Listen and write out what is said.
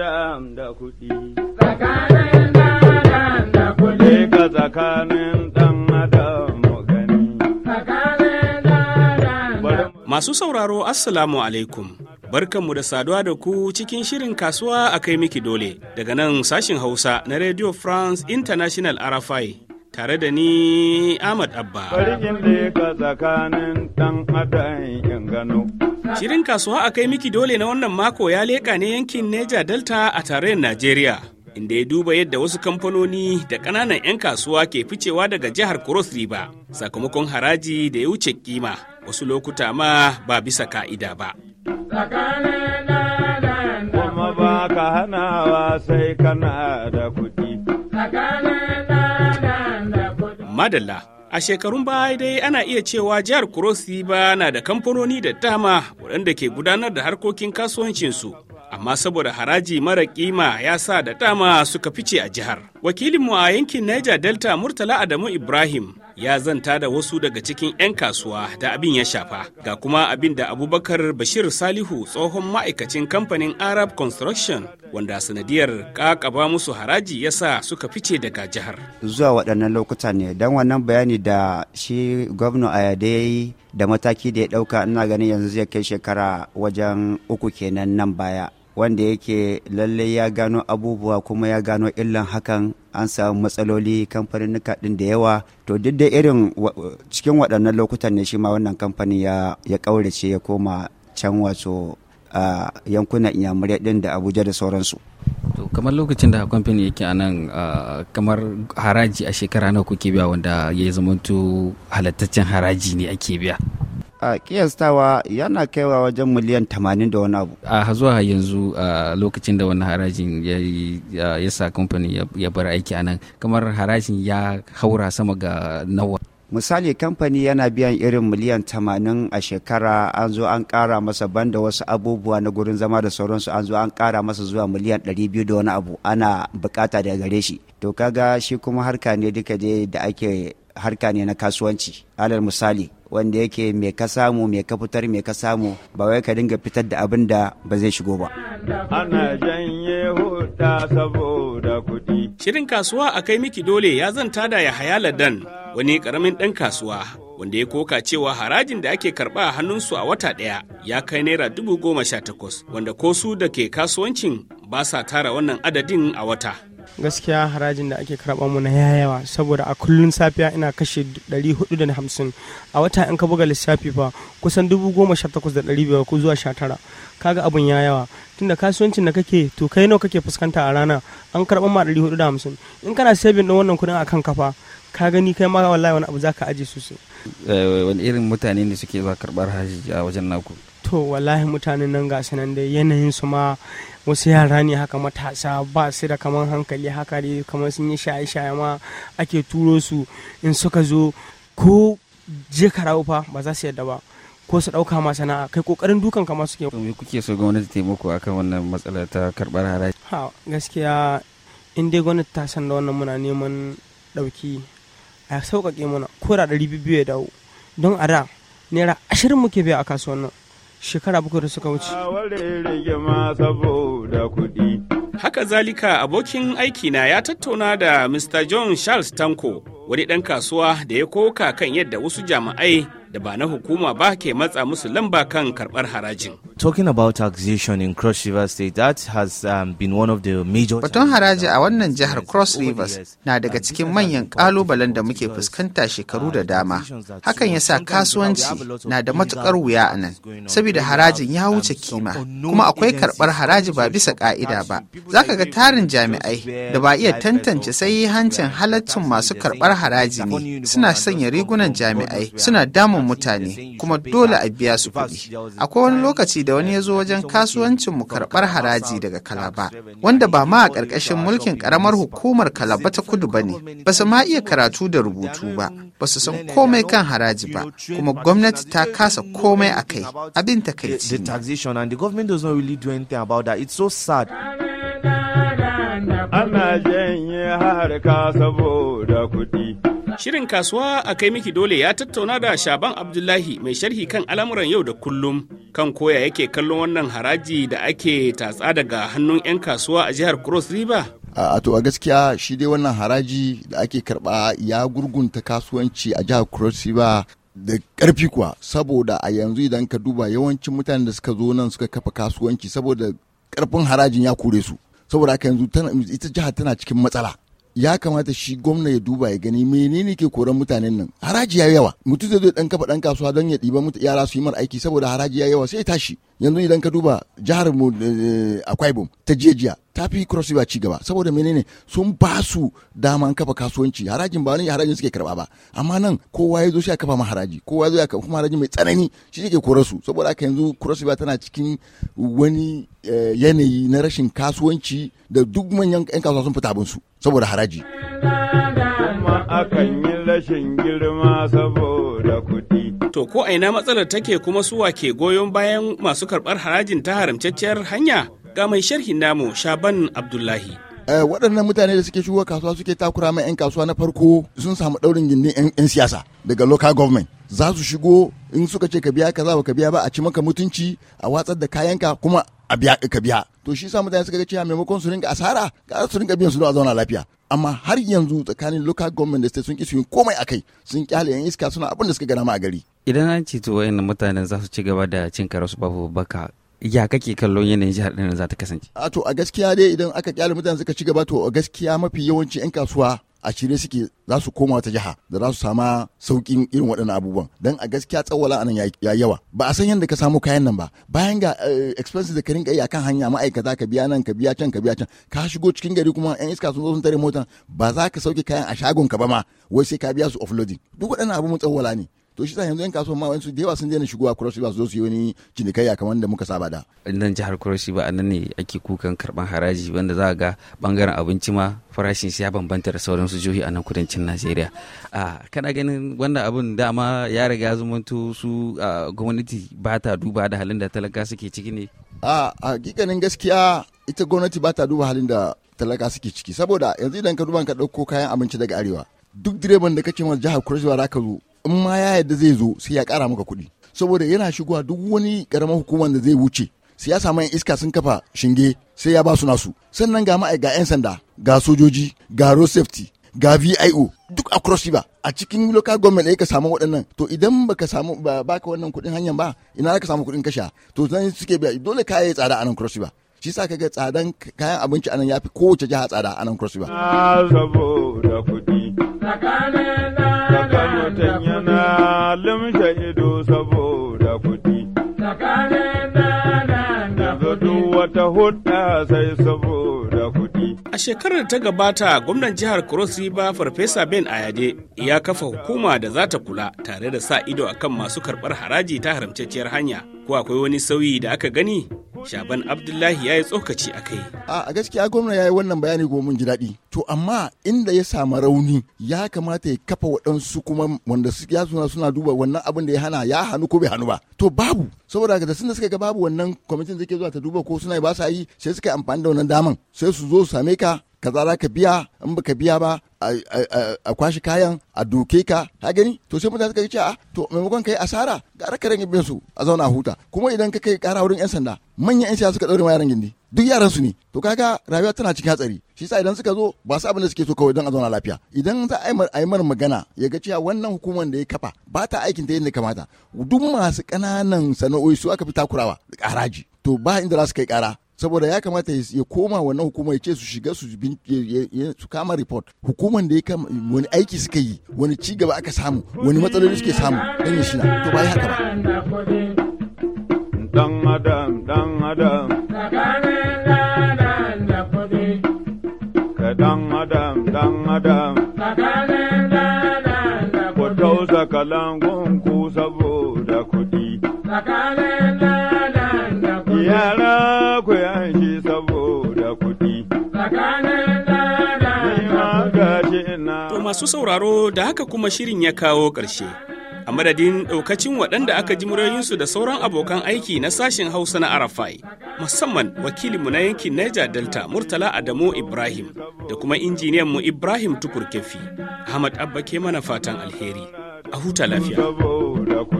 dam da kuɗi. Tsakanin dam da kuɗi. Ka tsakanin dam adam gani. Tsakanin dam Masu sauraro Assalamu alaikum. Barkanmu da saduwa da ku cikin shirin kasuwa a kai miki dole daga nan sashin Hausa na Radio France International RFI tare da ni Ahmad Abba. Barikin da ka tsakanin ɗan adam gano. Shirin kasuwa a kai miki dole na wannan mako ya leƙa ne yankin Neja Delta a tarayyar Najeriya, inda ya duba yadda wasu kamfanoni da ƙananan 'yan kasuwa ke ficewa daga jihar Cross River sakamakon haraji da ya wuce kima, wasu lokuta ma ba bisa ka'ida ba. Kuma ba ka hanawa sai kana da kuɗi. Madalla. A shekarun baya dai ana iya cewa jihar Kurosi ba na da kamfanoni da dama waɗanda ke gudanar da harkokin kasuwancinsu. Amma saboda haraji mara kima ya sa da dama suka fice a jihar. Wakilinmu a yankin Niger Delta Murtala Adamu Ibrahim ya zanta da wasu daga cikin 'yan kasuwa da abin ya shafa ga kuma abin da abubakar bashir salihu tsohon ma'aikacin kamfanin arab construction wanda sanadiyar kakaba musu haraji ya sa suka fice daga jihar zuwa waɗannan lokuta ne don wannan bayani da shi gwamna ayade ya yi da mataki da ya ɗauka ina ganin yanzu zai kai shekara wajen uku kenan nan baya wanda yake lallai ya gano abubuwa kuma ya gano illan hakan an samu matsaloli kamfanin din da yawa to duk da irin cikin waɗannan lokutan ne shi ma wannan kamfanin ya ƙaurace ya koma can wato a yankunan inyamurai din da abuja da sauransu to kamar lokacin da kamfanin yake a nan kamar haraji a shekara nawa kuke biya wanda ya zama to halattaccen haraji ne ake biya a kiyastawa yana kaiwa wajen miliyan tamanin da wani abu a zuwa yanzu a lokacin da wani harajin ya sa kamfani ya bar aiki a nan kamar harajin ya haura sama ga nawa misali kamfani yana biyan irin miliyan tamanin a shekara an zo an kara masa ban da wasu abubuwa na gurin zama da sauransu an zo an kara masa zuwa miliyan 200 da wani abu ana bukata da gare shi to kaga shi kuma harka ne duka da ake harka ne na kasuwanci alal misali wanda yake me ka samu me ka fitar me ka samu ba wai ka dinga fitar da abin da ba zai shigo ba. Ana janye huda saboda kuɗi. Shirin kasuwa a kai miki dole ya zanta da ya haya ladan wani karamin ɗan kasuwa wanda ya koka cewa harajin da ake karɓa a hannunsu a wata ɗaya ya kai naira dubu goma sha takwas wanda ko su da ke kasuwancin ba sa tara wannan adadin a wata. gaskiya harajin da ake karɓa mu na yawa saboda a kullun safiya ina kashe 450 a wata in ka buga lissafi fa kusan 18,500 ko zuwa 19 kaga abun ya yawa tunda kasuwancin da kake to kai nawa kake fuskanta a rana an karɓa ma 450 in kana saving ɗin wannan kudin akan kafa ka gani kai ma wallahi wani abu zaka aje sosai eh, wani irin mutane ne suke zuwa karɓar hajji a wajen naku to wallahi mutanen nan ga nan dai yanayin su ma wasu yara ne haka matasa ba su da kaman hankali haka dai kamar sun yi shaye-shaye ma ake turo su in suka zo ko je karawo fa ba za su yadda ba ko su ɗauka ma sana'a kai kokarin dukan kama suke me kuke so gwamnati taimako akan wannan matsala ta karbar haraji ha gaskiya in dai gwamnati ta san da wannan muna neman ɗauki a sauƙaƙe mana ko da ɗari ya dawo don a da naira ashirin muke biya a kasuwan nan shekara bakwai da suka wuce. Haka zalika abokin aiki na ya tattauna da Mr. John Charles Tanko wani ɗan kasuwa da ya koka kan yadda wasu jama'ai da ba na hukuma ba ke matsa musu lamba kan karɓar harajin. talking about taxation in Cross River State, that has um, been one of the major. Batun haraji a wannan jihar Cross Rivers na daga cikin manyan kalubalen da muke fuskanta shekaru da um, dama. Hakan yasa kasuwanci na da matukar wuya a nan, saboda harajin ya wuce um, kima, kuma akwai karɓar haraji ba bisa ƙa'ida ba. Za ka ga tarin jami'ai da ba iya tantance sai hancin halaccin masu karbar haraji ne, suna sanya rigunan jami'ai, suna damun mutane, kuma dole a biya su kuɗi. Akwai wani lokaci da wani ya zo wajen kasuwancin mu karɓar haraji daga Kalaba, wanda ba ma a ƙarƙashin mulkin ƙaramar hukumar Kalaba ta kudu ba ne, ba su ma iya karatu da rubutu ba, ba su san komai kan haraji ba, kuma gwamnati ta kasa komai a kai, abin takaici ne. Ana janye harka saboda kuɗi. Shirin kasuwa a kai miki dole ya tattauna da Shaban Abdullahi mai sharhi kan al'amuran yau da kullum kan koya yake kallon wannan haraji da ake tatsa daga hannun 'yan kasuwa a jihar Cross River. A to a gaskiya shi dai wannan haraji da ake karba ya gurgunta kasuwanci a jihar Cross River da ƙarfi kuwa saboda a yanzu idan ka duba yawancin mutanen da suka zo nan suka kafa kasuwanci saboda ƙarfin harajin ya kure su saboda haka yanzu ita jihar tana cikin matsala ya kamata shi gwamna ya duba ya gani menene ke koran mutanen nan haraji ya yawa mutum zai zo dan kafa dan kasuwa don ya ɗiba yara su yi mar aiki saboda haraji ya yawa sai ya tashi yanzu idan ka duba jihar mu eh, akwai bom ta jejiya ta fi cross river ci gaba saboda menene sun ba su daman kafa kasuwanci harajin ba wani harajin suke karba ba amma nan kowa ya zo shi a kafa haraji kowa ya zo ya kafa kuma mai tsanani shi yake kore su saboda haka yanzu cross river tana cikin wani eh, yanayi na rashin kasuwanci da duk manyan 'yan kasuwa sun fita abin su saboda haraji. rashin girma saboda kuɗi. To ko aina matsalar take kuma suwa ke goyon bayan masu karɓar harajin ta haramcacciyar hanya ga mai sharhin namu Shaban Abdullahi. Eh, waɗannan mutane da suke shigo kasuwa suke takura mai 'yan kasuwa na farko sun samu ɗaurin gindin 'yan siyasa daga local government za su shigo in suka ce ka biya kaza ba ka biya ba a ci maka mutunci a watsar da kayanka kuma a biya ka biya to shi sa mutane suka ga cewa maimakon su ringa asara ga su ringa biyan su a zauna lafiya amma har yanzu tsakanin local government da state sun kisi komai kai sun kyale yan iska suna abin da suka gana ma a gari idan an ce to wayannan mutanen za su ci gaba da cin karar babu baka ya kake kallon yanayin jihar ɗin za ta kasance a to a gaskiya dai idan aka kyale mutane suka ci gaba to a gaskiya mafi yawanci yan kasuwa a shirye suke za su koma wata jiha da za su sama saukin irin waɗannan abubuwan don a gaskiya tsawala anan ya yawa ba a san yadda ka samu kayan nan ba bayan ga eh, expenses da ka rinka yi akan hanya ma'aikata ka biya nan ka biya can ka biya can ka shigo cikin gari kuma yan iska sun zo sun tare motan ba za ka sauke kayan a shagon ka ba ma wai sai ka biya su offloading duk waɗannan abubuwan tsawala ne to shi yanzu yan kasuwan ma wasu da yawa sun daina shigowa cross river su zo su yi wani cinikayya kamar da muka saba da nan jihar cross river a nan ne ake kukan karban haraji wanda za ga bangaren abinci ma farashin shi ya bambanta da sauran su jihohi a nan kudancin najeriya a kana ganin wannan abun dama ya riga zumanto su gwamnati ba ta duba da halin da talaka suke ciki ne a hakikanin gaskiya ita gwamnati ba ta duba halin da talaka suke ciki saboda yanzu idan ka duba ka ɗauko kayan abinci daga arewa duk direban da kake ma jihar ba za ka zo in ma ya yadda zai zo sai ya kara maka kuɗi saboda yana shigowa duk wani karamar hukumar da zai wuce sai ya samu iska sun kafa shinge sai ya ba su nasu sannan ga ma'ai ga 'yan sanda ga sojoji ga road safety ga vio duk a cross river a cikin local government ka samu waɗannan to idan baka samu ba ka wannan kuɗin hanyar ba ina ka samu kuɗin kasha to zan suke biya dole kaya tsada a nan cross river shi sa kaga tsadan kayan abinci anan yafi kowace jiha tsada a nan cross river ido kuɗi. wata hudda sai kuɗi. A shekarar ta gabata gwamnan jihar Cross River Farfesa Ben Ayade ya kafa hukuma da za ta kula tare da sa ido akan masu karɓar haraji ta haramtacciyar hanya. Ko akwai wani sauyi da aka gani? Shaban Abdullahi ya yi tsokaci a kai. A gaskiya gwamna ya yi wannan bayani goma ji daɗi. To amma inda ya samu rauni ya kamata ya kafa waɗansu kuma wanda ya suna suna duba wannan abin da ya hana ya hannu ko bai hannu ba. To babu saboda haka da sun da suka ga babu wannan kwamitin zai zuwa ta duba ko suna ba sa yi sai suka yi amfani da wannan daman sai su zo su same ka kaza za ka biya in baka biya ba a kwashi kayan a duke ka ka gani to sai mutane suka ce a to maimakon kai asara gara ka rage su a zauna huta kuma idan ka kai kara wurin yan sanda manyan yan siyasa suka daure ma yaran gindi duk yaran su ne to kaga rayuwa tana cikin hatsari shi yasa idan suka zo ba su abin da suke so kawai don a zauna lafiya idan za a yi mar magana ya ga cewa wannan hukumar da ya kafa ba ta aikin ta yadda kamata duk masu kananan sana'o'i su aka fi takurawa haraji to ba inda za su kai kara saboda ya kamata ya koma wannan hukuma ya ce su shiga su su kama report hukuman da ya kama wani aiki suka yi wani ci gaba aka samu wani matsaloli suke samu dan ya shi to ba haka ba dan ku tausa ku saboda yara ku saboda kuɗi. To masu sauraro da haka kuma shirin ya kawo ƙarshe. A madadin ɗaukacin waɗanda aka ji muryoyinsu da sauran abokan aiki na sashen Hausa na Arafai, musamman wakilinmu na yankin Niger Delta Murtala Adamu Ibrahim da kuma mu Ibrahim Tukur Kefi, Ahmad Abba ke mana fatan alheri. A huta lafiya.